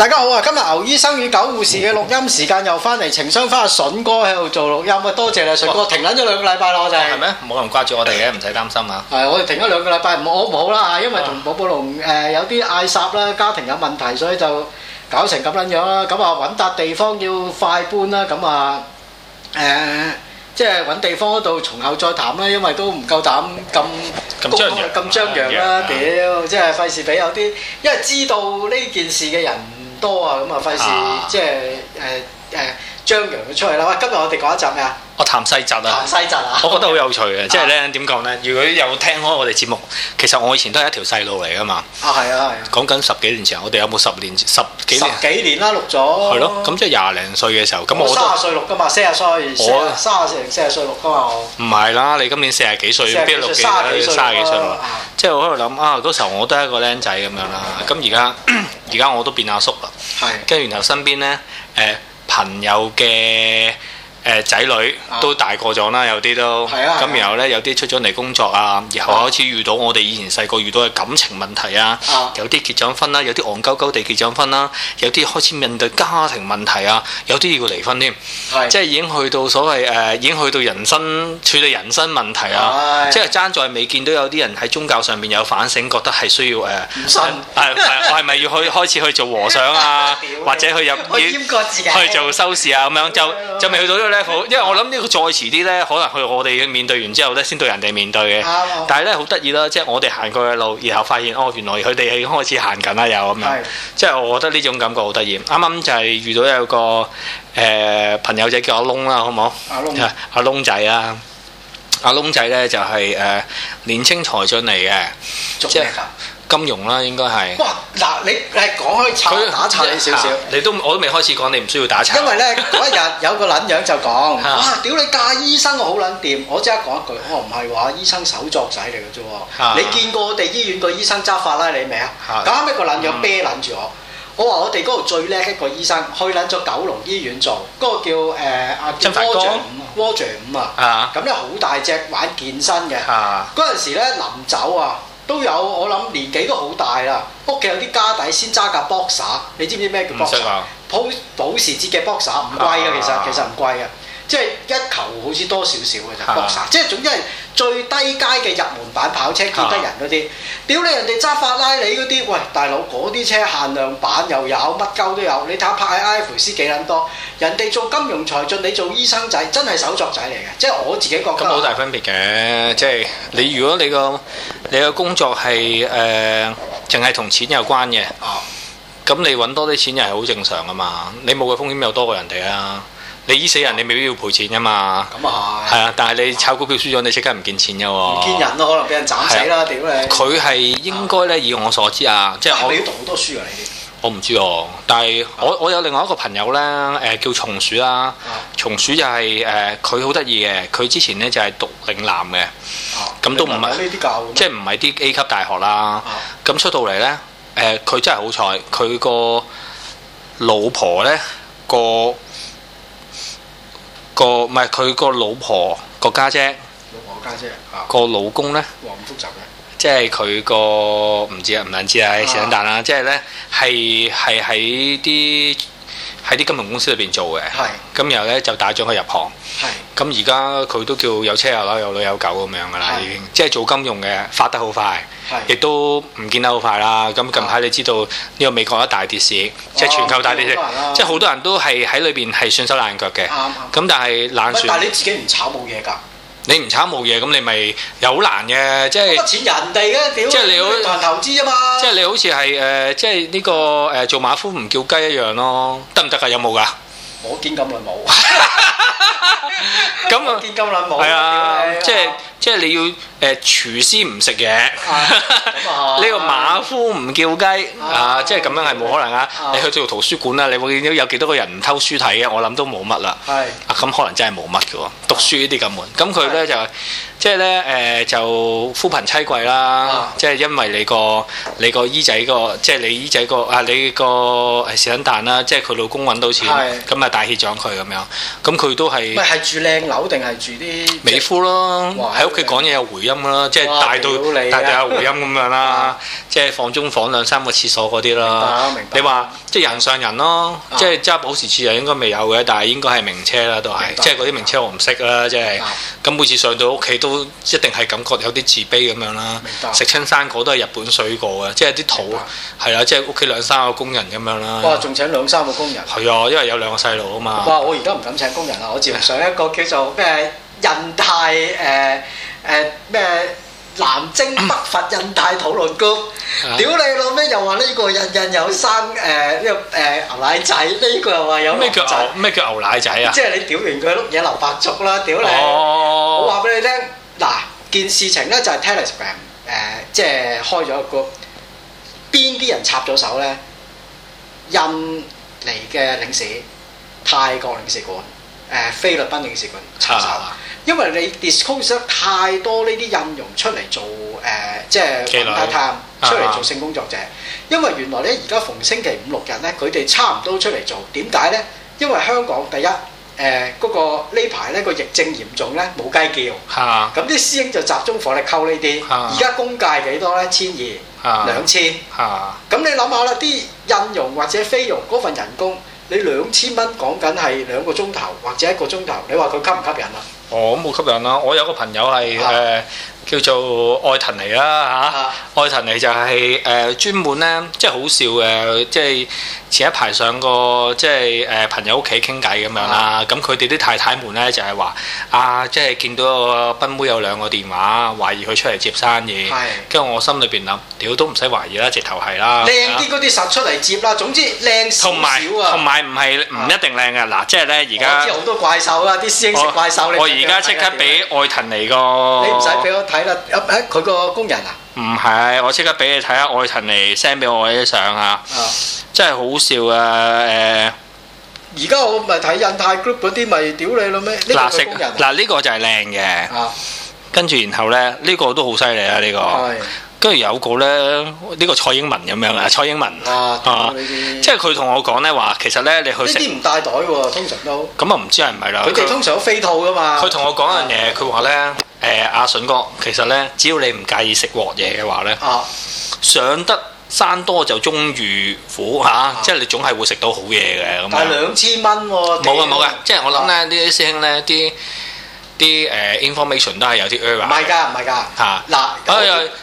大家好啊！今日牛醫生與狗護士嘅錄音時間又翻嚟，情商翻阿筍哥喺度做錄音啊！多謝你筍哥，哇停緊咗兩個禮拜咯，我哋係咩？冇人掛住我哋嘅，唔使擔心啊！係我哋停咗兩個禮拜，唔好唔好啦，因為同寶寶龍誒有啲嗌霎啦，家庭有問題，所以就搞成咁樣樣啦。咁、呃、啊，搵笪地方要快搬啦。咁啊，誒，即係搵地方嗰度從後再談啦。因為都唔夠膽咁咁張咁張揚啦！屌，即係費事俾有啲因為知道呢件事嘅人。多啊，咁啊，費事即係誒誒。呃張揚佢出嚟啦！喂，今日我哋講一集咩啊？我談世姪啊！談世姪啊！我覺得好有趣嘅，即係咧點講咧？如果有聽開我哋節目，其實我以前都係一條細路嚟噶嘛。啊，係啊，係。講緊十幾年前，我哋有冇十年十幾年？十幾年啦，錄咗。係咯，咁即係廿零歲嘅時候。我三十歲錄㗎嘛，四啊歲。我三十歲零四啊歲錄㗎嘛。唔係啦，你今年四啊幾歲？邊錄嘅？三啊幾歲啦？即係我喺度諗啊，嗰時候我都係一個僆仔咁樣啦。咁而家而家我都變阿叔啦。係。跟住然後身邊咧誒。朋友嘅。誒仔、呃、女都大個咗啦，有啲都咁，然後、啊啊、呢，有啲出咗嚟工作啊，然後開始遇到我哋以前細個遇到嘅感情問題啊，啊有啲結咗婚啦，有啲戇鳩鳩地結咗婚啦，有啲開始面對家庭問題啊，有啲要離婚添，啊，是啊、即係已經去到所謂誒、呃，已經去到人生處理人生問題啊，即係爭在未見到有啲人喺宗教上面有反省，覺得係需要誒，係咪要去開始去做和尚啊， 或者去入 去做修士啊咁樣 就就未去到。因為我諗呢個再遲啲呢，可能去我哋面對完之後、啊、呢，先對人哋面對嘅。但係呢，好得意啦，即係我哋行過嘅路，然後發現哦，原來佢哋開始行緊啦，又咁樣。即係是的 我覺得呢種感覺好得意。啱啱就係遇到有個誒、呃、朋友仔叫阿窿啦，好唔好？阿窿聰、啊，阿窿仔啦，阿窿仔呢、就是，就係誒年青才俊嚟嘅。做咩即金融啦，應該係。哇！嗱，你誒講開打岔少少，你都我都未開始講，你唔需要打岔。因為咧嗰一日有個撚樣就講，啊， 屌你嫁醫生我好撚掂，我即刻講一句，我唔係話醫生手作仔嚟嘅啫。 你見過我哋醫院個醫生揸法拉，拉利未啊？咁啱一個撚樣啤撚住我，我話我哋嗰度最叻一個醫生，去撚咗九龍醫院做，嗰、嗰個叫誒阿、呃、叫郭象五啊，郭象五啊，咁咧好大隻玩健身嘅，嗰陣 時咧臨走啊。都有，我諗年紀都好大啦，屋企有啲家底先揸架 Boxer，你知唔知咩叫 Boxer 啊？保保時捷嘅 Boxer，唔貴嘅，其實、啊、其實唔貴嘅。即係一球好似多少少嘅啫 Boxster 即係總之係最低階嘅入門版跑車見得人嗰啲，屌你人哋揸法拉利嗰啲，喂大佬嗰啲車限量版又有乜鳩都有。你睇下拍下 IFS 幾撚多，人哋做金融才俊，你做醫生仔，真係手作仔嚟嘅。即係我自己覺得。咁好大分別嘅，即係你如果你個你嘅工作係誒，淨係同錢有關嘅，咁你揾多啲錢又係好正常啊嘛。你冇嘅風險又多過人哋啊。你醫死人，你未必要賠錢噶嘛。咁啊係，係啊，但係你炒股票輸咗，你即刻唔見錢嘅喎。唔見人咯，可能俾人斬死啦，屌你！佢係應該咧，以我所知啊，即係我。你要讀好多書啊，你。我唔知哦，但係我我有另外一個朋友咧，誒叫松鼠啦，松鼠就係誒佢好得意嘅，佢之前咧就係讀嶺南嘅，咁都唔係呢啲教，即係唔係啲 A 級大學啦。咁出到嚟咧，誒佢真係好彩，佢個老婆咧個。個唔係佢個老婆個家姐，姐，老婆個家姐，姐，個、啊、老公咧，哇咁複雜嘅，即係佢個唔知啊唔認知，知啊，是但啦，即係咧係係喺啲。喺啲金融公司裏邊做嘅，咁然後咧就帶咗佢入行，咁而家佢都叫有車有樓有女有狗咁樣噶啦，已經即係做金融嘅，發得好快，亦都唔見得好快啦。咁近排你知道呢個美國一大跌市，即係全球大跌市，即係好多人都係喺裏邊係損手爛腳嘅。咁但係冷算，但係你自己唔炒冇嘢㗎。你唔炒冇嘢，咁你咪有難嘅，即係。多錢人哋嘅，即係你要投資吖嘛。即係你好似係誒，即係呢個誒做馬夫唔叫雞一樣咯，得唔得呀？有冇噶？我見咁耐冇。咁啊，見咁耐冇。係啊，即係即係你要誒廚師唔食嘢。呢個馬夫唔叫雞啊，即係咁樣係冇可能啊！你去做圖書館啦，你會見到有幾多個人唔偷書睇嘅，我諗都冇乜啦。係。咁可能真係冇乜嘅喎。輸呢啲咁悶，咁佢咧就即係咧誒就夫朋妻貴啦，即係因為你個你個姨仔個即係你姨仔個啊你個誒小粉彈啦，即係佢老公揾到錢，咁咪大氣獎佢咁樣，咁佢都係咪係住靚樓定係住啲美夫咯？喺屋企講嘢有回音啦，即係大到大到有回音咁樣啦，即係房中房兩三個廁所嗰啲啦。你話即係人上人咯，即係揸保時捷應該未有嘅，但係應該係名車啦，都係即係嗰啲名車我唔識啦。即係咁白每次上到屋企都一定係感覺有啲自卑咁樣啦。白食親生果都係日本水果嘅，即係啲土係啦白、啊，即係屋企兩三個工人咁樣啦。哇、哦！仲請兩三個工人？係啊，因為有兩個細路啊嘛。哇、哦！我而家唔敢請工人啦，我只能上一個叫做咩？印太誒誒咩？南征北伐印太討論 group 屌你老咩！又話呢個日日有生誒呢個誒牛奶仔，呢、這個又話有咩叫牛咩叫牛奶仔啊？仔即係你屌完佢碌嘢流鼻血啦！屌你！哦、我話俾你聽，嗱件事情咧就係 Telegram 誒、呃，即係開咗個 group，邊啲人插咗手咧？印尼嘅領事、泰國領事館、誒、呃、菲律賓領事館插手。啊嗯因為你 disclose 得太多呢啲印傭出嚟做誒、呃，即係了太探出嚟做性工作者。啊、因為原來咧，而家逢星期五六日咧，佢哋差唔多出嚟做。點解咧？因為香港第一誒嗰、呃那個呢排咧個疫症嚴重咧，冇雞叫。嚇、啊！咁啲師兄就集中火力溝、啊、呢啲。而家工價幾多咧？千二，兩千。嚇、啊！咁你諗下啦，啲印傭或者菲傭嗰份人工，你兩千蚊講緊係兩個鐘頭或者一個鐘頭，你話佢吸唔吸引啊？哦，咁冇吸引啦，我有個朋友係誒。啊呃叫做愛騰尼啦嚇，啊啊、愛騰尼就係、是、誒、呃、專門咧，即係好笑嘅，即係前一排上個即係誒朋友屋企傾偈咁樣啦，咁佢哋啲太太們咧就係話啊，即係見到個賓妹有兩個電話，懷疑佢出嚟接生意，跟住、啊、我心裏邊諗，屌都唔使懷疑啦，直頭係啦，靚啲嗰啲實出嚟接啦，啊啊、總之靚少少啊，同埋同埋唔係唔一定靚呀嗱，即係咧而家我知好多怪獸啦，啲、啊、師兄食怪獸我而家即刻俾愛騰尼個你唔使俾我睇。睇佢個工人啊？唔係，我即刻俾你睇下，艾臣嚟 send 俾我啲相啊！真係好笑啊！誒，而家我唔係睇印太 group 嗰啲，咪屌你咯咩？嗱，食，嗱呢個就係靚嘅。跟住然後咧，呢個都好犀利啊！呢個，跟住有個咧，呢個蔡英文咁樣啊，蔡英文啊，即係佢同我講咧話，其實咧你去呢啲唔帶袋喎，通常都咁啊，唔知係唔係啦？佢哋通常都飛套噶嘛。佢同我講樣嘢，佢話咧。誒阿筍哥，其實咧，只要你唔介意食鑊嘢嘅話咧，啊、上得山多就終遇虎。嚇、啊，啊、即係你總係會食到好嘢嘅咁。啊、但係兩千蚊喎，冇噶冇噶，啊、即係我諗咧，啲、啊、師兄咧啲。啲誒 information 都係有啲 error。唔係㗎，唔係㗎。嚇嗱，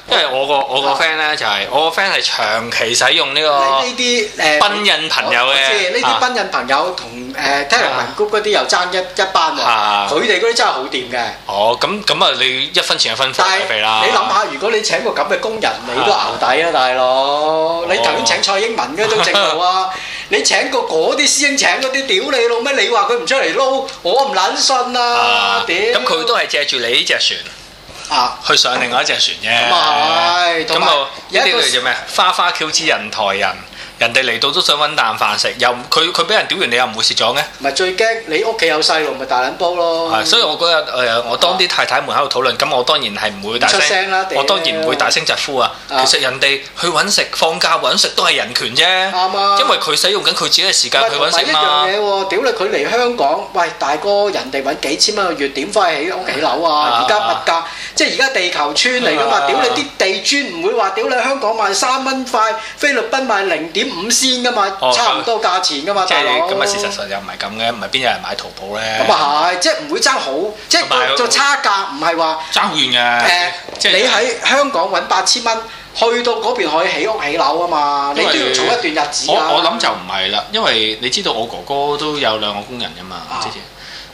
因為我個我個 friend 咧就係我個 friend 係長期使用呢個。呢啲誒賓印朋友咧，即係呢啲賓印朋友同誒 Telegram 頻谷嗰啲又爭一一班喎。佢哋嗰啲真係好掂嘅。哦，咁咁啊，你一分錢一分貨。但你諗下，如果你請個咁嘅工人，你都熬底啊，大佬！你頭先請蔡英文嗰種整路啊，你請個嗰啲師兄請嗰啲屌你老咩？你話佢唔出嚟撈，我唔撚信啊！咁佢都係借住你呢隻船，啊，去上另外一隻船啫。咁啊，咁啊，呢句叫做咩？花花轎之人抬人。嗯人哋嚟到都想揾啖飯食，又佢佢俾人屌完，你又唔會蝕咗嘅？唔係最驚你屋企有細路，咪大卵煲咯。係，所以我嗰日誒，我當啲太太喺門口度討論，咁我當然係唔會大聲，聲我當然唔會大聲疾呼啊。的其實人哋去揾食，放假揾食都係人權啫。啱的因為佢使用緊佢自己嘅時間的去揾食啊嘛。一樣嘢喎，屌你！佢嚟香港，喂大哥，人哋揾幾千蚊個月，點翻去起屋企樓啊？而家的物價，即係而家地球村嚟噶嘛？屌的的你啲地磚唔會話，屌你香港賣三蚊塊，菲律賓賣零點五線噶嘛，差唔多價錢噶嘛，大佬即係咁啊！事實上又唔係咁嘅，唔係邊有人買淘寶咧？咁啊係，即係唔會爭好，即係就差價，唔係話爭遠嘅。誒，即係你喺香港揾八千蚊，去到嗰邊可以起屋起樓啊嘛？你都要做一段日子。我我諗就唔係啦，因為你知道我哥哥都有兩個工人噶嘛，之前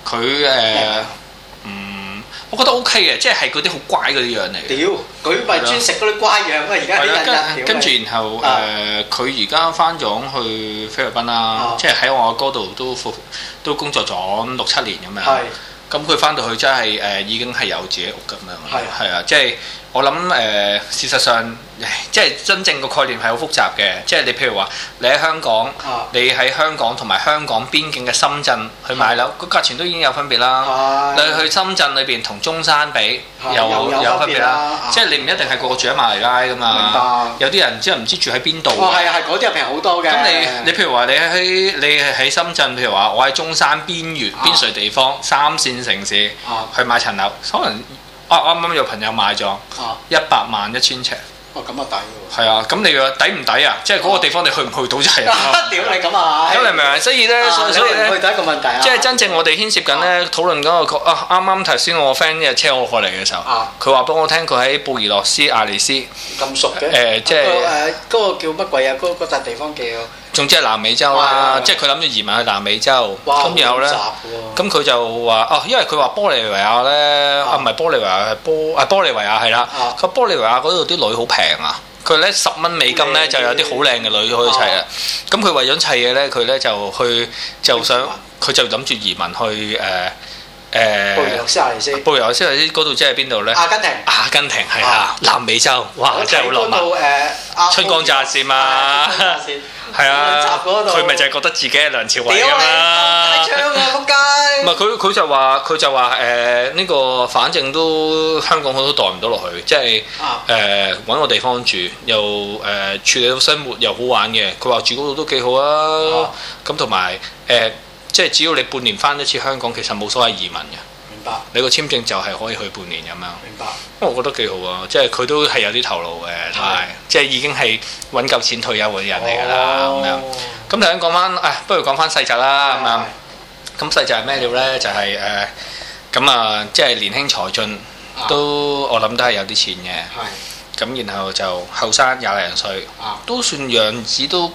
佢誒。我覺得 OK 嘅，即係係啲好乖嗰啲樣嚟。屌，佢咪專食嗰啲乖樣啊！而家啲人啊，跟住然後誒，佢而家翻咗去菲律賓啦，即係喺我哥度都都工作咗六七年咁樣。係，咁佢翻到去真係誒，已經係有自己屋㗎咁樣。係係啊，即係我諗誒，事實上。即係真正個概念係好複雜嘅，即係你譬如話，你喺香港，你喺香港同埋香港邊境嘅深圳去買樓，個價錢都已經有分別啦。你去深圳裏邊同中山比，又有分別啦。即係你唔一定係個個住喺馬尼拉亞噶嘛，有啲人即係唔知住喺邊度。哦，係嗰啲係平好多嘅。咁你你譬如話，你喺你喺深圳，譬如話，我喺中山邊緣邊陲地方三線城市去買層樓，可能我啱啱有朋友買咗一百萬一千尺。咁啊抵喎！係、哦、 啊，咁你個抵唔抵啊？即係嗰個地方你去唔去到就係。點你咁啊？咁明唔明啊？ 所以咧，所以咧，去第一個問題啊。即係真正我哋牽涉緊咧討論緊嗰個啊，啱啱頭先我個 friend 又車我過嚟嘅時候，佢話畀我聽佢喺布宜諾斯艾利斯。咁熟嘅？誒、呃，即係誒嗰個叫乜鬼啊？嗰嗰笪地方叫。總之係南美洲啊！即係佢諗住移民去南美洲。咁然後咧，咁佢就話：哦，因為佢話玻利維亞咧，啊唔係玻利維亞係波，啊玻利維亞係啦。佢玻利維亞嗰度啲女好平啊！佢咧十蚊美金咧就有啲好靚嘅女可以砌啊！咁佢為咗砌嘢咧，佢咧就去，就想佢就諗住移民去誒誒玻利維斯啊！玻利維斯嗰度即係邊度咧？阿根廷，阿根廷係啊，南美洲，哇，真係好浪漫！春光乍現嘛～係啊，佢咪就係覺得自己係梁朝偉啊嘛！仆街！唔係，佢佢、啊、就話，佢就話誒呢個反正都香港我都待唔到落去，即係誒搵個地方住，又誒、呃、處理到生活又好玩嘅。佢話住嗰度都幾好啊，咁同埋誒即係只要你半年返一次香港，其實冇所謂移民嘅。你個簽證就係可以去半年咁樣，明白因為我覺得幾好啊，即係佢都係有啲頭腦嘅，係嗎即係已經係揾夠錢退休嘅人嚟㗎啦，咁樣、哦。咁頭先講翻，啊、哎，不如講翻世姪啦，咁嗎樣。咁世姪係咩料咧？就係、是、誒、咁、呃、啊，即係年輕才俊，嗎都我諗都係有啲錢嘅。係咁嗎，然後就後生廿零歲，嗎都算樣子都。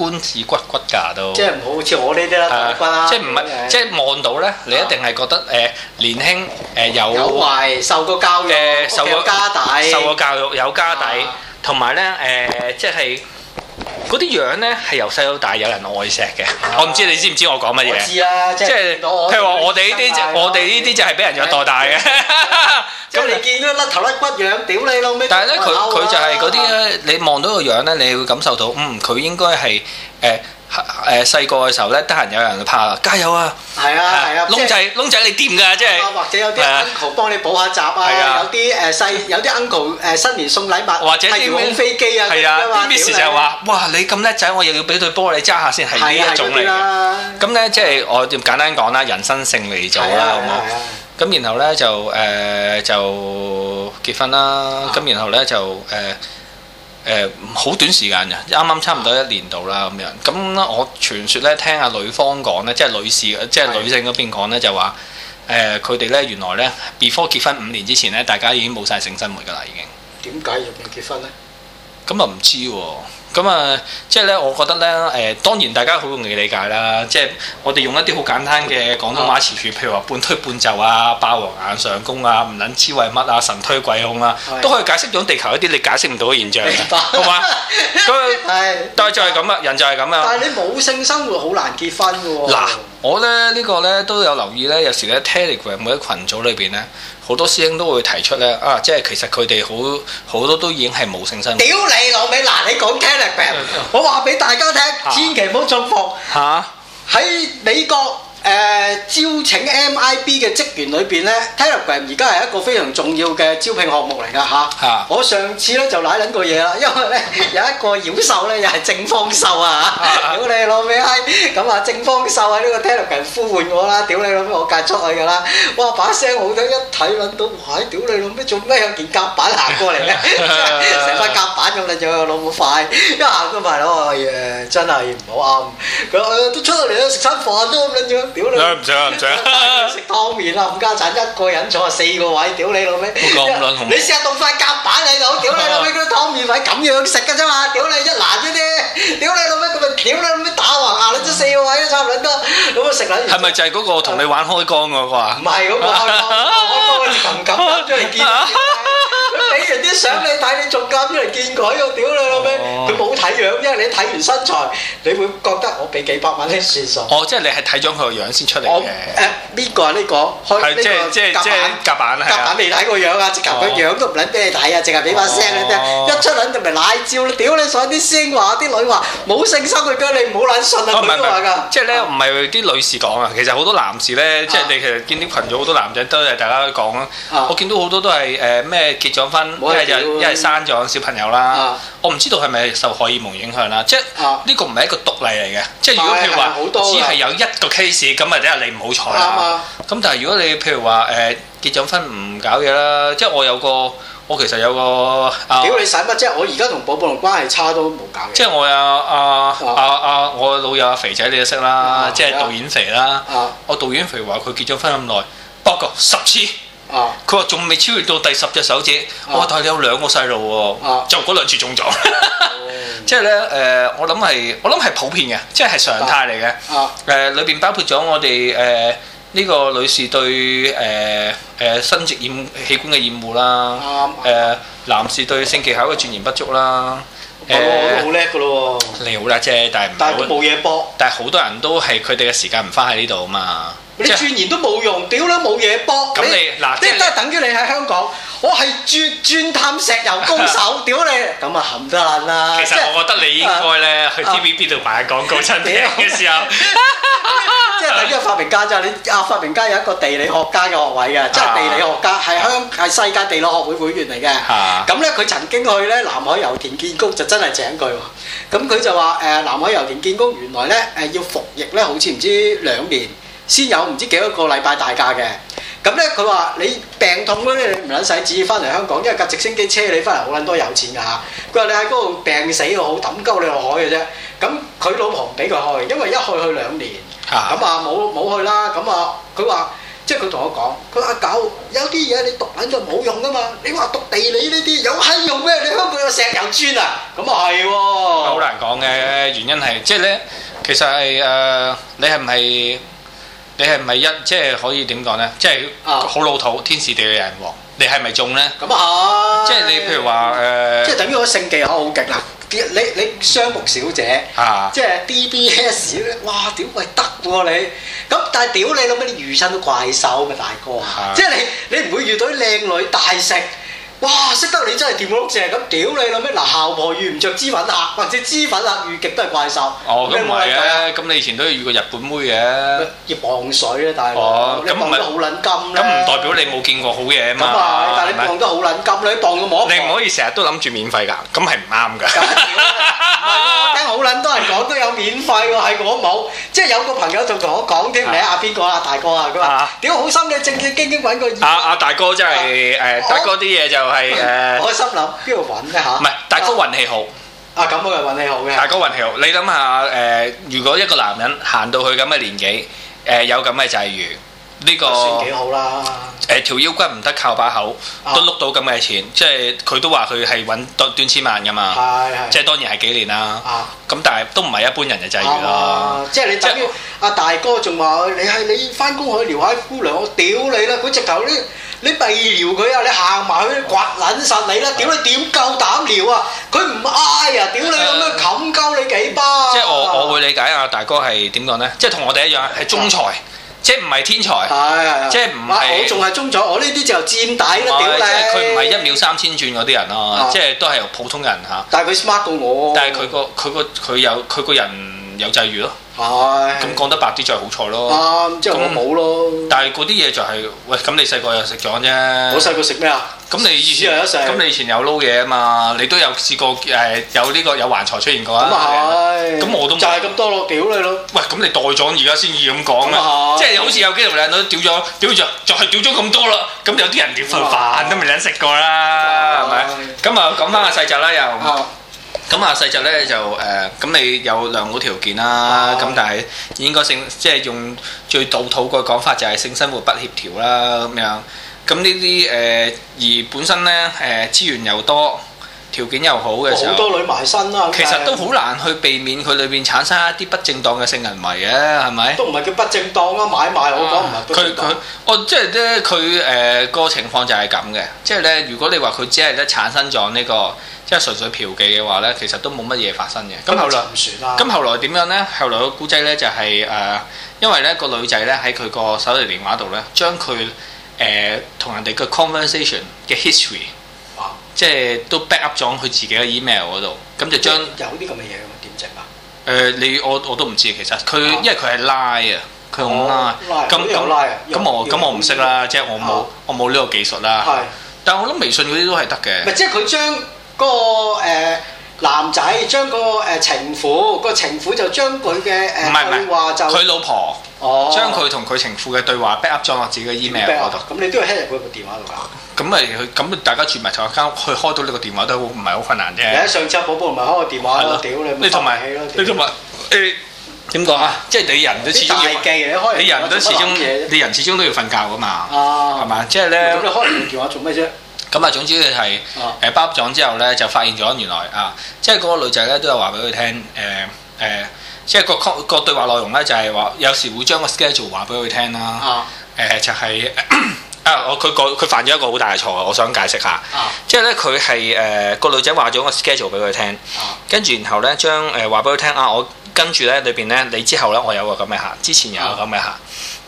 官字骨骨㗎都，即係唔好好似我呢啲啦，冇骨啦。即係唔係？即係望到咧，你一定係覺得誒、呃、年輕誒、呃、有，有壞受過教育，呃、受過家，家底，受過教育有家底，同埋咧誒即係。嗰啲樣咧係由細到大有人愛錫嘅，我唔知你知唔知我講乜嘢？知啦，即係譬如話我哋呢啲，我哋呢啲就係俾人虐待大嘅。咁你見到甩頭甩骨樣，屌你老味！但係咧，佢佢就係嗰啲咧，你望到個樣咧，你會感受到，嗯，佢應該係誒。誒細個嘅時候咧，得閒有人拍，加油啊！係啊係啊，𡃁 仔 𡃁 仔你掂㗎，即係或者有啲 uncle 幫你補下習啊，有啲誒細有啲 uncle 誒新年送禮物，或者係要飛機啊，呢啲事就係話，哇你咁叻仔，我又要俾對波你揸下先係呢一種嚟嘅。咁咧即係我簡單講啦，人生勝利組啦，好冇？咁然後咧就誒就結婚啦，咁然後咧就誒。誒好、呃、短時間嘅，啱啱差唔多一年度啦咁樣。咁我傳説咧，聽阿、啊、女方講咧，即係女士，即係女性嗰邊講咧，就話誒佢哋咧原來咧 before 結婚五年之前咧，大家已經冇晒性生活噶啦，已經，點解又唔結婚咧？咁啊唔知喎。咁啊、嗯，即係咧，我覺得咧，誒、呃、當然大家好容易理解啦。即係我哋用一啲好簡單嘅廣東話詞句，譬如話半推半就啊、霸王硬上弓啊、唔撚知為乜啊、神推鬼哄啊，都可以解釋到地球一啲你解釋唔到嘅現象， 好嘛？ 但係就係咁啊，人就係咁啊。但係你冇性生活好難結婚㗎喎、啊。嗱，我咧呢、呢個咧都有留意咧，有時咧 Telegram 每一群組裏邊咧。好多師兄都會提出咧，啊，即係其實佢哋好好多都已經係冇性生活。屌你老味，嗱，你講、啊、聽力病，我話俾大家聽，千祈唔好中伏。嚇、啊！喺美國。誒招請 MIB 嘅職員裏邊咧，Telegram 而家係一個非常重要嘅招聘項目嚟㗎嚇。我上次咧就拉撚過嘢啦，因為咧有一個妖獸咧又係正方獸啊，屌你老味閪！咁啊，正方獸喺呢個 Telegram 呼喚我啦，屌你老味，我隔出去㗎啦。哇，把聲好聽，一睇撚到，哇！屌你老味，做咩有件夾板行過嚟咧？成塊夾板咁你樣，老母快，一行咁快，我話誒真係唔好啱。佢都出到嚟啦，食餐飯都咁撚樣。屌你！唔食啊，唔食食湯麵啦，冚家鏟一個人坐四個位，屌你老味！你試下當塊夾板喺度，屌你老味！佢湯麵位咁樣食嘅啫嘛，屌你一攔啫啫！屌你老味咁咪屌你老味打橫下，你四個位都差唔多，咁啊食啦！係咪就係嗰個同你玩開光嗰個啊？唔係嗰個，我我我我尋緊出嚟見佢，俾完啲相你睇，你仲敢出嚟見佢？屌你老味！佢冇睇樣，因為你睇完身材，你會覺得我俾幾百萬都算數。哦，即係你係睇中佢嘅樣先出嚟嘅。誒呢個呢個，開呢個夾板。夾板未睇過樣啊！直頭個樣都唔撚俾你睇啊！淨係俾把聲你聽，一出嚟就咪奶照屌你！上以啲聲話，啲女話冇性生活嘅傢，你唔好撚信啊！女話㗎。即係咧，唔係啲女士講啊，其實好多男士咧，即係你其實見啲群組好多男仔都係大家講。我見到好多都係誒咩結咗婚，一係生咗小朋友啦。我唔知道係咪受荷爾蒙影響啦？即係呢個唔係一個獨例嚟嘅。即係如果譬如話只係有一個 case。咁咪等下你唔好彩啦。咁、啊、但係如果你譬如話誒、欸、結咗婚唔搞嘢啦，即係我有個我其實有個。屌、啊、你使乜？啊、即係我而家同寶寶龍關係差都冇搞嘢。即係我阿阿阿阿我老友阿肥仔你都識啦，即係、啊、導演肥啦。啊、我導演肥話佢結咗婚咁耐，包括十次。佢話仲未超越到第十隻手指，我話、啊、但係你有兩個細路喎，就嗰兩次中咗，即係咧誒，我諗係我諗係普遍嘅，即係常態嚟嘅。誒裏邊包括咗我哋誒呢個女士對誒誒生殖腺器官嘅厭惡啦，誒、呃啊、男士對性技巧嘅鑽研不足啦。嗯呃、我好叻㗎咯喎，你好叻啫，但係但係冇嘢搏，但係好多人都係佢哋嘅時間唔花喺呢度啊嘛。你鑽研都冇用，屌啦冇嘢搏。咁你嗱，即係都係等於你喺香港，我係鑽鑽探石油高手，屌你！咁啊含得啦！其實我覺得你應該咧去 TVB 度買下廣告，親嘅時候，即係等於個發明家就係你啊，發明家有一個地理學家嘅學位嘅，即係地理學家係香係世界地理學會會員嚟嘅。咁咧佢曾經去咧南海油田建工，就真係請佢喎。咁佢就話誒南海油田建工原來咧誒要服役咧好似唔知兩年。先有唔知幾多個禮拜大假嘅咁呢，佢話你病痛你唔撚使，指要翻嚟香港，因為架直升機車你翻嚟好撚多有錢噶嚇。佢話你喺嗰度病死又好，抌鳩你落海嘅啫。咁佢老婆唔俾佢去，因為一去去兩年，咁啊冇冇、啊、去啦。咁啊，佢話即係佢同我講，佢話阿狗，有啲嘢你讀緊就冇用噶嘛。你話讀地理呢啲有閪用咩？你香港有石油磚啊，咁啊係喎，好難講嘅原因係即係呢，其實係誒、呃，你係唔係？你係咪一即係、就是、可以點講咧？即係好老土，啊、天時地利人和，你係咪中咧？咁啊即係你譬如話誒，即、呃、係等於我性技巧啊，好勁啊！你啊你雙目小姐，即係 DBS 咧，哇！屌喂，得喎你！咁但係屌你，攞乜啲遇親怪獸啊，大哥！即係、啊、你你唔會遇到啲靚女大食。哇！識得你真係掂過碌蔗咁屌你啦咩？嗱，姣婆遇唔着脂粉客，或者脂粉客遇極都係怪獸。哦，咁唔係啊？咁你以前都遇過日本妹嘅？要磅水咧，大佬？你磅得好撚金咧。咁唔代表你冇見過好嘢啊嘛？咁唔但係你磅得好撚金，你磅到摸，你唔可以成日都諗住免費㗎，咁係唔啱㗎。聽好撚多人講都有免費喎，係我冇，即係有個朋友就同我講添，你阿邊個啊？大哥啊，佢話：屌好心嘅正正經經揾個。阿大哥真係誒，大哥啲嘢就。係誒，我心諗邊度揾咧嚇？唔係大哥運氣好啊！咁我又運氣好嘅。大哥運氣好，你諗下誒？如果一個男人行到佢咁嘅年紀，誒、呃、有咁嘅際遇，呢、呢個算幾好啦？誒條、呃、腰骨唔得靠把口，啊、都碌到咁嘅錢，即係佢都話佢係揾多端千萬噶嘛？係即係當然係幾年啦。啊，咁但係都唔係一般人嘅際遇咯。即係你至於阿即、啊、大哥仲話你係你翻工可以撩下姑娘，我屌你啦！佢直頭咧～你避撩佢啊！你行埋去刮撚實你啦！屌你點夠膽撩啊！佢唔挨啊！屌你咁樣冚鳩你幾巴！即係我，我會理解啊！大哥係點講咧？即係同我哋一樣係中才， 即係唔係天才， 即係唔係。 我仲係中才，我呢啲就墊底啦。屌解咧？佢唔係一秒三千轉嗰啲人咯， 即係都係普通人嚇。但係佢 smart 過我。但係佢、嗰個佢、嗰個佢有佢個人。有際遇咯，咁講得白啲就係好彩咯，即係我冇咯。但係嗰啲嘢就係，喂，咁你細個又食咗啫。我細個食咩啊？咁你意思咁你以前有撈嘢啊嘛？你都有試過誒有呢個有橫財出現過咁啊係，咁我都就係咁多咯，屌你咯！喂，咁你袋咗而家先至咁講啊，即係好似有幾條靚女屌咗，屌就就係屌咗咁多啦。咁有啲人連份飯都未諗食過啦，係咪？咁啊講翻個世姪啦又。咁啊，世姪咧就誒，咁、呃、你有良好條件啦，咁、嗯、但係應該性即係用最土土個講法就係性生活不協調啦，咁樣。咁呢啲誒，而本身咧誒資源又多，條件又好嘅時候，好多女埋身啦。其實都好難去避免佢裏邊產生一啲不正當嘅性行為嘅，係咪？都唔係叫不正當啊，買賣我講唔係不正當。佢佢，我、哦、即係咧，佢誒個情況就係咁嘅，即係咧，如果你話佢只係咧產生咗呢個。即係純粹嫖妓嘅話咧，其實都冇乜嘢發生嘅。咁後來，咁後來點樣咧？後來個古仔咧就係誒，因為咧個女仔咧喺佢個手提電話度咧，將佢誒同人哋嘅 conversation 嘅 history，即係都 back up 咗佢自己嘅 email 嗰度。咁就將有啲咁嘅嘢嘅嘛？點整啊？誒，你我我都唔知其實佢，因為佢係拉啊，佢用拉，咁咁我咁我唔識啦，即係我冇我冇呢個技術啦。但係我諗微信嗰啲都係得嘅。即係佢將。個誒男仔將個誒情婦，個情婦就將佢嘅誒對話就佢老婆哦，將佢同佢情婦嘅對話 backup 咗落自己嘅 email 嗰度。咁你都要聽入佢個電話度。咁咪佢咁大家住埋同一間屋，佢開到呢個電話都唔係好困難啫。上次寶寶唔係開個電話咯，屌你！你同埋你同埋誒點講嚇？即係你人都始終要你人都始終你人始終都要瞓覺噶嘛？係嘛？即係咧咁你開電話做咩啫？咁、就是、啊，總之佢係誒包咗之後咧，就發現咗原來啊，即係嗰個女仔咧都有話俾佢聽，誒、呃、誒，即、呃、係、就是、個 con 個對話內容咧就係、是、話有時會將個 schedule 話俾佢聽啦，誒就係啊，我佢個佢犯咗一個好大嘅錯啊，我想解釋下，即係咧佢係誒個女仔話咗個 schedule 俾佢聽，跟住、啊、然後咧將誒話俾佢聽啊我。跟住咧，裏邊咧你之後咧，我有個咁嘅客，之前有個咁嘅客。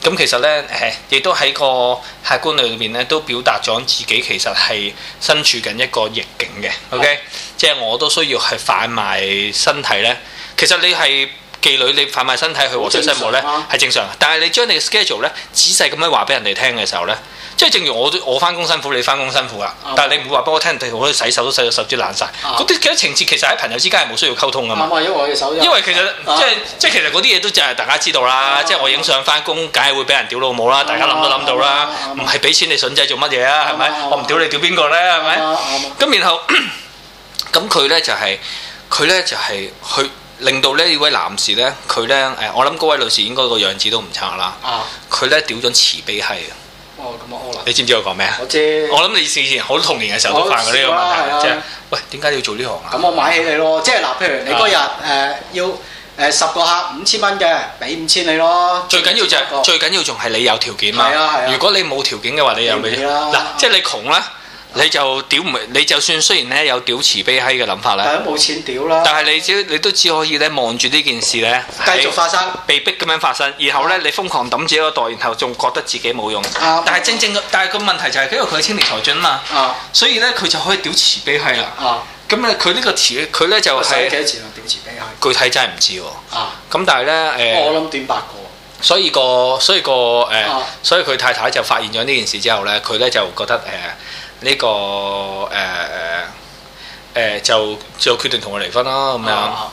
咁的、嗯、其實咧，誒亦都喺個客觀裏面咧，都表達咗自己其實係身處緊一個逆境嘅。的 o、okay? K，即係我都需要係販賣身體咧。其實你係妓女，你販賣身體去獲取收入咧，係正，正常。但係你將你嘅 schedule 咧，仔細咁樣話俾人哋聽嘅時候咧。即係正如我我翻工辛苦，你翻工辛苦啦。但係你唔會話俾我聽人哋，我洗手都洗到手指爛晒。嗰啲嗰啲情節其實喺朋友之間係冇需要溝通噶嘛。因為其實即係即係其實嗰啲嘢都就係大家知道啦。即係我影相翻工，梗係會俾人屌老母啦。大家諗都諗到啦。唔係俾錢你筍仔做乜嘢啊？係咪？我唔屌你屌邊個咧？係咪？咁然後咁佢咧就係佢咧就係去令到呢位男士咧，佢咧我諗嗰位女士應該個樣子都唔差啦。佢咧屌咗慈悲係。哦，咁啊，啦，你知唔知我講咩啊？我知。我諗你以前好童年嘅時候都犯過呢個問題，即係喂點解要做呢行啊？咁我買起你咯，嗯、即係嗱，譬如你嗰日誒要誒十、呃、個客五千蚊嘅，俾五千你咯。最緊要就係最緊要仲係你有條件嘛。係啊係啊。如果你冇條件嘅話，你有咪嗱，即係你窮啦。你就屌唔？你就算雖然咧有屌慈悲閪嘅諗法咧，但係冇錢屌啦。但係你只你都只可以咧望住呢件事咧，繼續發生，被逼咁樣發生。然後咧，你瘋狂抌自己個袋，然後仲覺得自己冇用。啊、但係正正個，但係個問題就係、是、因為佢青年才俊啊嘛。所以咧，佢就可以屌慈悲閪啦。咁啊，佢、這個、呢個、就是、詞佢咧就係幾多錢啊？屌慈悲閪？具體真係唔知喎。咁但係咧誒？我諗屌八個。所以個所以個誒，所以佢太太就發現咗呢件事之後咧，佢咧就覺得誒。呃呢、這個誒誒誒就最後決定同我離婚啦，咁、啊、樣。啊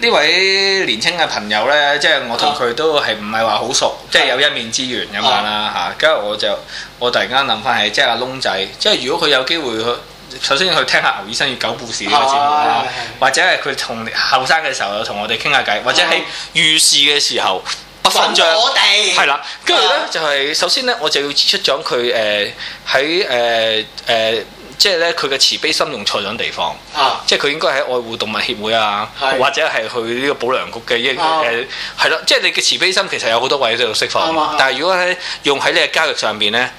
呢位年輕嘅朋友呢，即係我同佢都係唔係話好熟，哦、即係有一面之緣咁、哦、樣啦，跟住我就我突然間諗返起即係阿窿仔，即係如果佢有機會，首先去聽下牛醫生與狗故事呢個節目啦、哦，或者係佢同後生嘅時候同、哦、我哋傾下偈，或者喺遇事嘅時候不緊張。我哋係啦，跟住呢，哦、就係首先呢，我就要出獎佢誒喺誒誒。呃即係咧，佢嘅慈悲心用錯咗地方。啊、即係佢應該喺愛護動物協會啊，是或者係去呢個保良局嘅一誒咯。即係、啊呃就是、你嘅慈悲心其實有好多位喺度釋放。啊啊、但係如果喺用喺你嘅交易上邊咧，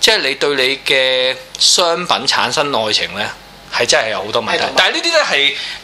即、就、係、是、你對你嘅商品產生愛情咧，係真係有好多問題。但係呢啲咧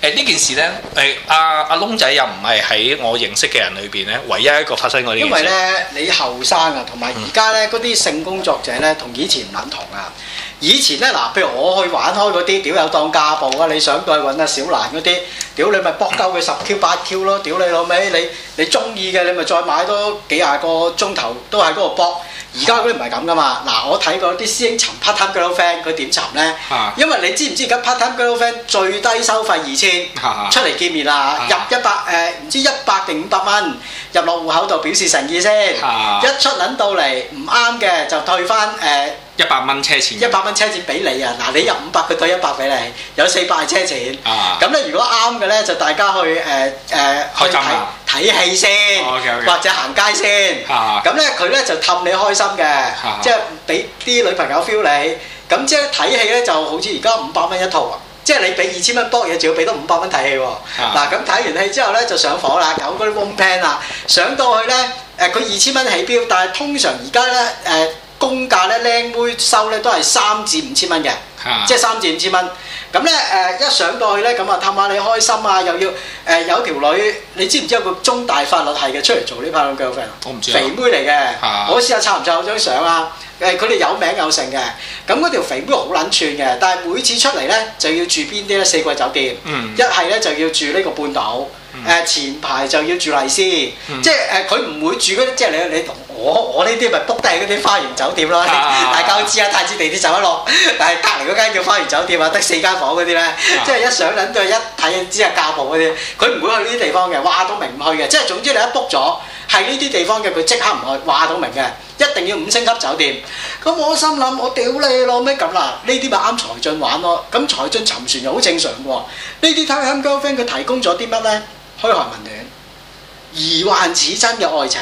係誒呢件事咧誒阿阿窿仔又唔係喺我認識嘅人裏邊咧唯一一個發生過呢。因為咧你後生啊，同埋而家咧嗰啲性工作者咧同、嗯、以前唔同啊。以前呢，嗱，譬如我去玩開嗰啲，屌有當家暴啊！你想去揾阿小蘭嗰啲，屌你咪搏鳩佢十 Q 八 Q 咯！屌你老味，你你中意嘅你咪再買多幾廿個鐘頭都喺嗰度搏。而家嗰啲唔係咁噶嘛，嗱我睇過啲師兄尋 part-time girlfriend，佢點尋咧？啊、因為你知唔知而家 part-time girlfriend 最低收費二千、啊，出嚟見面啦、啊呃，入一百誒唔知一百定五百蚊入落戶口度表示誠意先，啊、一出撚到嚟唔啱嘅就退翻誒一百蚊車錢，一百蚊車錢俾你啊！嗱你入五百佢退一百俾你，有四百係車錢，咁咧、啊、如果啱嘅咧就大家去誒誒、呃呃、去睇睇戲先，okay, okay. 或者行街先，咁咧佢咧就氹你開心嘅，uh huh. 即係俾啲女朋友 feel 你，咁即係睇戲咧就好似而家五百蚊一套，uh huh. 啊，即係你俾二千蚊 book 嘢，仲要俾多五百蚊睇戲喎。嗱咁睇完戲之後咧就上火啦，搞嗰啲 room plan 啦，上到去咧誒佢二千蚊起標，但係通常而家咧誒。呃工價咧，靚妹收咧都係三至五千蚊嘅，是啊、即係三至五千蚊。咁咧誒，一上到去咧，咁啊氹下你開心啊，又要誒、呃、有條女，你知唔知有個中大法律系嘅出嚟做呢班 girlfriend？我唔知，肥妹嚟嘅。是啊、我試下插唔插有張相啊？誒，佢哋有名有姓嘅。咁、嗯、嗰條肥妹好撚串嘅，但係每次出嚟咧就要住邊啲咧？四季酒店，嗯、一係咧就要住呢個半島。誒，前排就要住麗斯，嗯、即係誒佢唔會住嗰，即、就、係、是、你你同我我呢啲咪 book 低嗰啲花園酒店啦，啊、大家都知啊太子地鐵走一落，但係隔離嗰間叫花園酒店啊，得四間房嗰啲咧，即係一上緊對一睇知係教部嗰啲，佢唔會去呢啲地方嘅，話到明唔去嘅，即係總之你一 book 咗係呢啲地方嘅，佢即刻唔去，話到明嘅，一定要五星級酒店。咁我心諗我屌你老咩？咁啦，呢啲咪啱財進玩咯，咁財進沉船又好正常喎。呢啲泰坦 Girlfriend 佢提供咗啲乜咧？噓寒問暖，疑幻似真嘅愛情，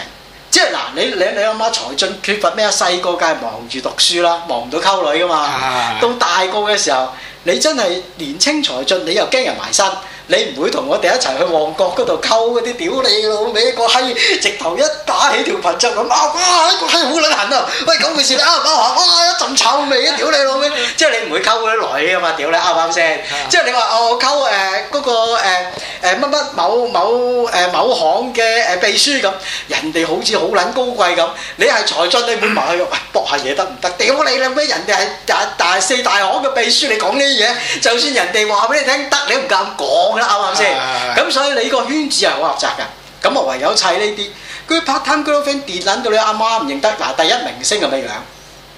即係嗱，你你你阿媽才俊缺乏咩啊？細個梗係忙住讀書啦，忙唔到溝女噶嘛。到大個嘅時候，你真係年青才俊，你又驚人埋身。你唔會同我哋一齊去旺角嗰度溝嗰啲屌你老味個閪，直頭一打起條噴汁咁啊啊！個閪好卵痕啊！喂，咁嘅事你啊，我話哇一陣臭味啊！屌你老味！即係你唔會溝嗰啲女啊嘛！屌你啱唔啱先？即係你話哦我溝誒嗰個誒誒乜乜某某誒某行嘅誒秘書咁，人哋好似好卵高貴咁，你係財津你唔好埋去搏下嘢得唔得？屌你啦咩？人哋係大四大行嘅秘書，你講呢啲嘢，就算人哋話俾你聽得，你唔夠膽講。啱啱先，咁所以你個圈子係好狹窄嘅，咁我唯有砌呢啲。佢 part-time girlfriend 跌撚到你阿媽唔認得嗱，第一明星咁嘅樣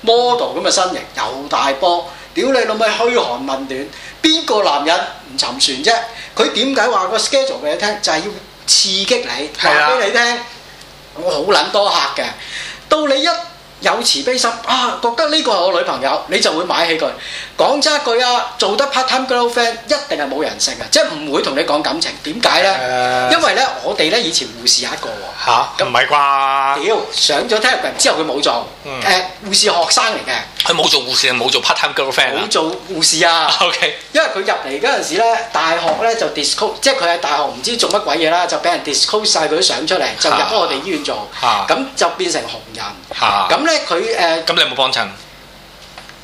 ，model 咁嘅身形又大波，屌你老味噓寒問暖，邊個男人唔沉船啫？佢點解話個 schedule 俾你聽，就係要刺激你，話俾你聽，我好撚多客嘅，到你一。有慈悲心啊，覺得呢個係我女朋友，你就會買起佢。講真一句啊，做得 part time girlfriend 一定係冇人性嘅，即係唔會同你講感情。點解咧？因為咧，我哋咧以前護士有一個吓，咁唔係啩？屌，上咗 telegram 之後佢冇做誒護士學生嚟嘅，佢冇做護士，冇做 part time girlfriend 冇做護士啊。OK，因為佢入嚟陣時咧，大學咧就 disclose 即係佢喺大學唔知做乜鬼嘢啦，就俾人 disclose 晒佢啲相出嚟，就入我哋醫院做，咁就變成紅人。咁咧。即係佢誒，咁、呃、你有冇幫襯？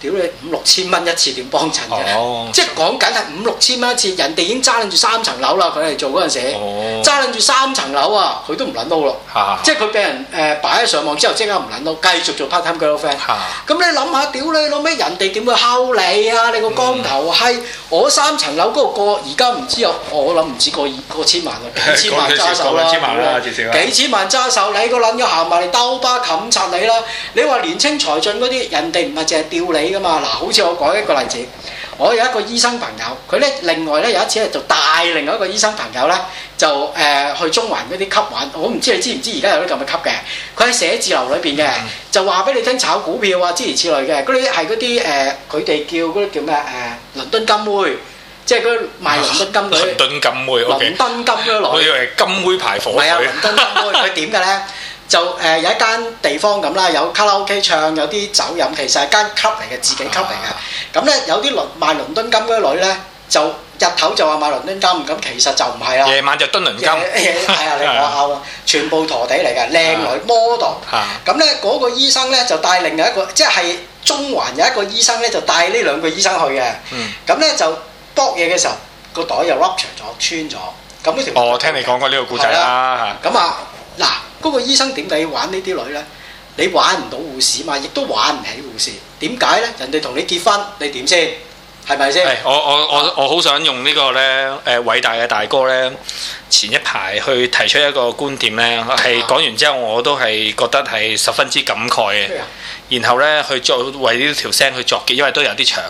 屌你五六千蚊一次點幫襯㗎？哦、即係講緊係五六千蚊一次，人哋已經揸撚住三層樓啦。佢嚟做嗰陣時，揸撚住三層樓啊，佢都唔撚嬲咯。即係佢俾人誒擺喺上網之後，即刻唔撚嬲，繼續做 part-time girlfriend。咁、啊、你諗下，屌你老咩人哋點會嬲你啊？你個光頭閪、嗯，我三層樓嗰個過，而家唔知有我諗唔知過二過千萬啦，幾千萬揸手啦，幾千萬揸事手。你個撚咗行埋嚟兜巴冚拆你啦！你話年青才俊嗰啲，人哋唔係淨係屌你。噶嘛嗱，好似我講一個例子，我有一個醫生朋友，佢咧另外咧有一次就帶，另外一個醫生朋友咧就誒去中環嗰啲級玩，我唔知你知唔知而家有啲咁嘅級嘅，佢喺寫字樓裏邊嘅就話俾你聽炒股票啊之類之類嘅，嗰啲係嗰啲誒佢哋叫嗰啲叫咩誒？倫敦金妹，即係嗰啲賣倫敦金嗰啲。倫敦金妹。倫敦金嗰類。我以為金妹牌火腿。係啊，倫敦金妹佢點噶咧？就誒有一間地方咁啦，有卡拉 OK 唱，有啲酒飲，其實係間 club 嚟嘅，自己 club 嚟嘅。咁咧有啲女賣倫敦金嗰啲女咧，就日頭就話賣倫敦金，咁其實就唔係啦。夜晚就敦倫金，係啊，你唔好拗啊，全部陀地嚟嘅，靚女 model。咁咧嗰個醫生咧就帶另外一個，即係中環有一個醫生咧就帶呢兩個醫生去嘅。咁咧就搏嘢嘅時候，個袋又 rupture 咗穿咗。咁呢條我聽你講過呢個故仔啦，咁啊嗱。嗰個醫生點解要玩呢啲女呢？你玩唔到護士嘛，亦都玩唔起護士。點解呢？人哋同你結婚，你點先？係咪先？我我我好想用呢、這個呢誒偉大嘅大哥呢，前一排去提出一個觀點呢。係講、啊、完之後我都係覺得係十分之感慨嘅。啊、然後呢，去作為呢條聲去作結，因為都有啲長。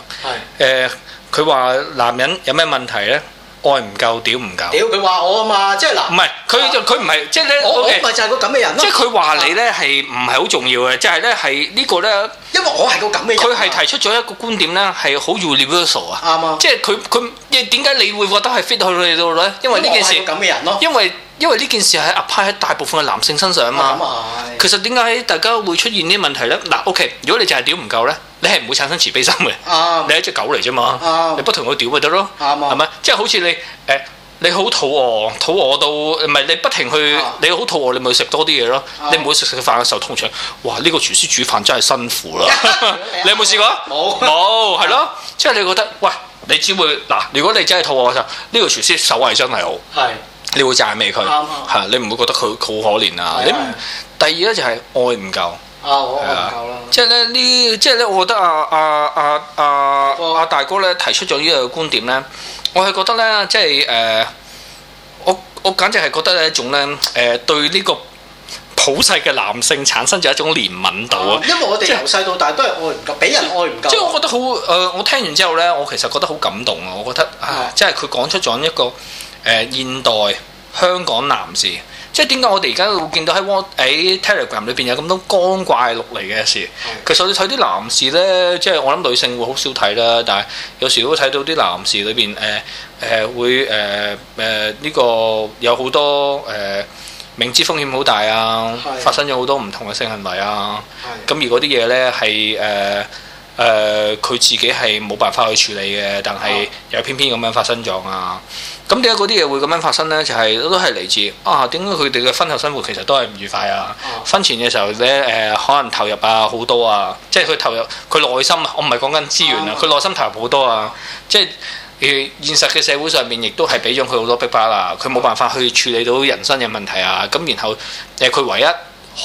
係佢話男人有咩問題呢？愛唔夠，屌唔夠。屌佢話我啊嘛，即係嗱。唔係是，佢就佢唔係，即係你我 okay,，我好咪就係個咁嘅人咯，啊。即係佢話你咧係唔係好重要嘅，即係咧係呢個咧。因為我係個咁嘅人，啊。佢係提出咗一個觀點咧，係好 universal 啊。啱啊。即係佢佢，你點解你會覺得係 fit 到你度咧？因為呢件事。我係個咁嘅人咯。因為因為呢件事喺 apply 喺大部分嘅男性身上啊嘛。咁啊其實點解大家會出現呢啲問題咧？嗱，O K，如果你就係屌唔夠咧。你係唔會產生慈悲心嘅，你係一隻狗嚟啫嘛，你不停去屌咪得咯，係咪？即係好似你誒，你好肚餓，肚餓到唔係你不停去，你好肚餓，你咪食多啲嘢咯。你唔會食食飯嘅時候，通常，哇呢個廚師煮飯真係辛苦啦，你有冇試過？冇冇，係咯，即係你覺得，喂，你只會嗱，如果你真係肚餓嘅時候，呢個廚師手藝真係好，係，你會讚美佢，係你唔會覺得佢好可憐啊。你第二咧就係愛唔夠。啊、哦，我愛唔夠啦！即係咧呢，即係咧， 就是、我覺得啊啊啊啊、哦、啊大哥咧提出咗呢個觀點咧，我係覺得咧，即係誒，我我簡直係覺得係一種咧誒對呢個普世嘅男性產生咗一種憐憫度啊、哦！因為我哋由細到大都係愛唔夠，俾、就是、人愛唔夠、啊。即係我覺得好誒、呃，我聽完之後咧，我其實覺得好感動啊！我覺得啊，即係佢講出咗一個誒、呃、現代香港男士。即係點解我哋而家會見到喺 WhatsApp、Telegram 裏邊有咁多光怪陸離嘅事？的其實你睇啲男士呢，即係我諗女性會好少睇啦，但係有時都睇到啲男士裏邊誒誒會誒誒呢個有好多誒、呃、明知風險好大啊，的發生咗好多唔同嘅性行為啊。咁如果啲嘢呢，係誒。呃誒佢、呃、自己係冇辦法去處理嘅，但係又偏偏咁樣發生咗啊！咁點解嗰啲嘢會咁樣發生呢，就係、是、都係嚟自啊！點解佢哋嘅婚後生活其實都係唔愉快啊？嗯、婚前嘅時候咧誒、呃，可能投入啊好多啊，即係佢投入佢內心啊，我唔係講緊資源啊，佢、嗯、內心投入好多啊，即係、呃、現實嘅社會上面亦都係俾咗佢好多逼迫啦，佢冇辦法去處理到人生嘅問題啊！咁然後佢、呃、唯一。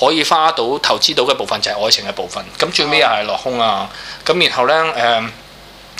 可以花到投資到嘅部分就係愛情嘅部分，咁最尾又係落空啊！咁然後呢，誒、呃，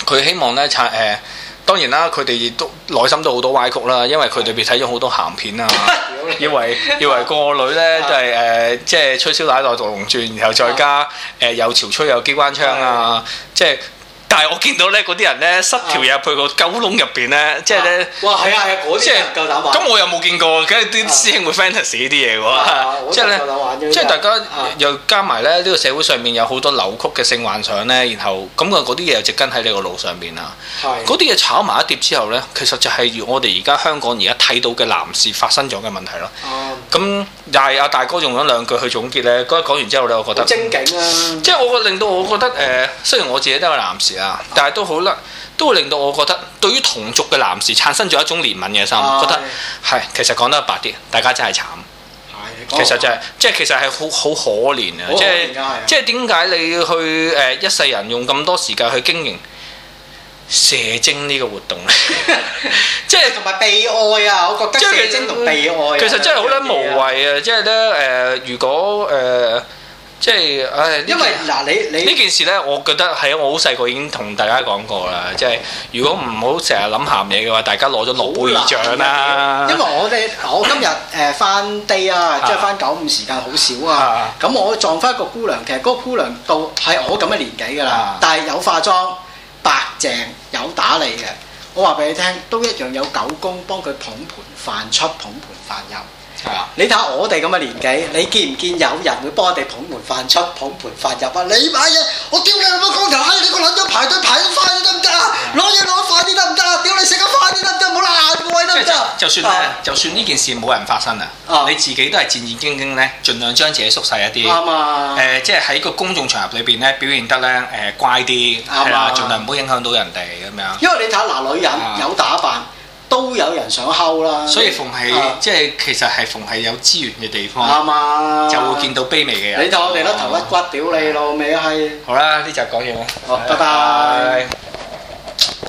佢希望呢，就係誒，當然啦，佢哋亦都內心都好多歪曲啦，因為佢哋畀睇咗好多鹹片啊， 以為以為個女呢，就係、是、誒，即、呃、係、就是、吹簫奶袋毒龍鑽，然後再加誒、 呃、有潮吹有機關槍啊，即係、 就是。但係我見到咧，嗰啲人咧塞條嘢入去個狗籠入邊咧，即係咧，哇係啊係啊，嗰啲人夠膽玩。咁我又冇見過，梗係啲師兄會 fantasy 呢啲嘢喎。即係咧，即係大家又加埋咧，呢個社會上面有好多扭曲嘅性幻想咧，然後咁啊嗰啲嘢又植根喺你個腦上面啊。嗰啲嘢炒埋一碟之後咧，其實就係我哋而家香港而家睇到嘅男士發生咗嘅問題咯。咁又係阿大哥用咗兩句去總結咧，嗰日講完之後咧，我覺得精警啊！即係我令到我覺得誒，雖然我自己都係男士。但係都好啦，都會令到我覺得，對於同族嘅男士產生咗一種憐憫嘅心，哎、覺得係其實講得白啲，大家真係慘，哎、其實真係即係其實係好好可憐啊！即係即係點解你去誒、呃、一世人用咁多時間去經營射精呢個活動咧？即係同埋被愛啊！我覺得射精、就是、其實真係好撚無謂啊、就是！即係咧誒，如果誒。呃呃呃呃呃呃呃即係，唉，呢為件呢你件事咧，你我覺得係我好細個已經同大家講過啦。即係如果唔好成日諗鹹嘢嘅話，大家攞咗諾貝爾獎啦。因為我哋 我今日誒、呃、翻 day 啊，即係翻九五時間好少啊。咁 我撞翻一個姑娘，其實嗰個姑娘到係我咁嘅年紀㗎啦， 但係有化妝、白淨、有打理嘅。我話俾你聽，都一樣有狗公幫佢捧盤飯出，捧盤飯入。係啊！你睇下我哋咁嘅年紀，你見唔見有人會幫我哋捧盤飯出、捧盤飯入啊？你買嘢，我屌你個光頭？哎，你個撚咗排隊排得快得唔得啊？攞嘢攞快啲得唔得啊？屌你食得快啲得唔得？唔好難為得唔得？就算咧，就算呢件事冇人發生啊，你自己都係戰戰兢兢咧，儘量將自己縮細一啲。啱啊！誒，即係喺個公眾場合裏邊咧，表現得咧誒乖啲係啦，儘量唔好影響到人哋咁樣。因為你睇下嗱女人有打扮，都有人想溝啦，所以逢係，啊、即係其實係逢係有資源嘅地方，啱啱，啊，就會見到卑微嘅人。你睇我哋啦，甩頭甩骨屌你老味，未係？好啦，呢集講完啦，好，拜拜。拜拜。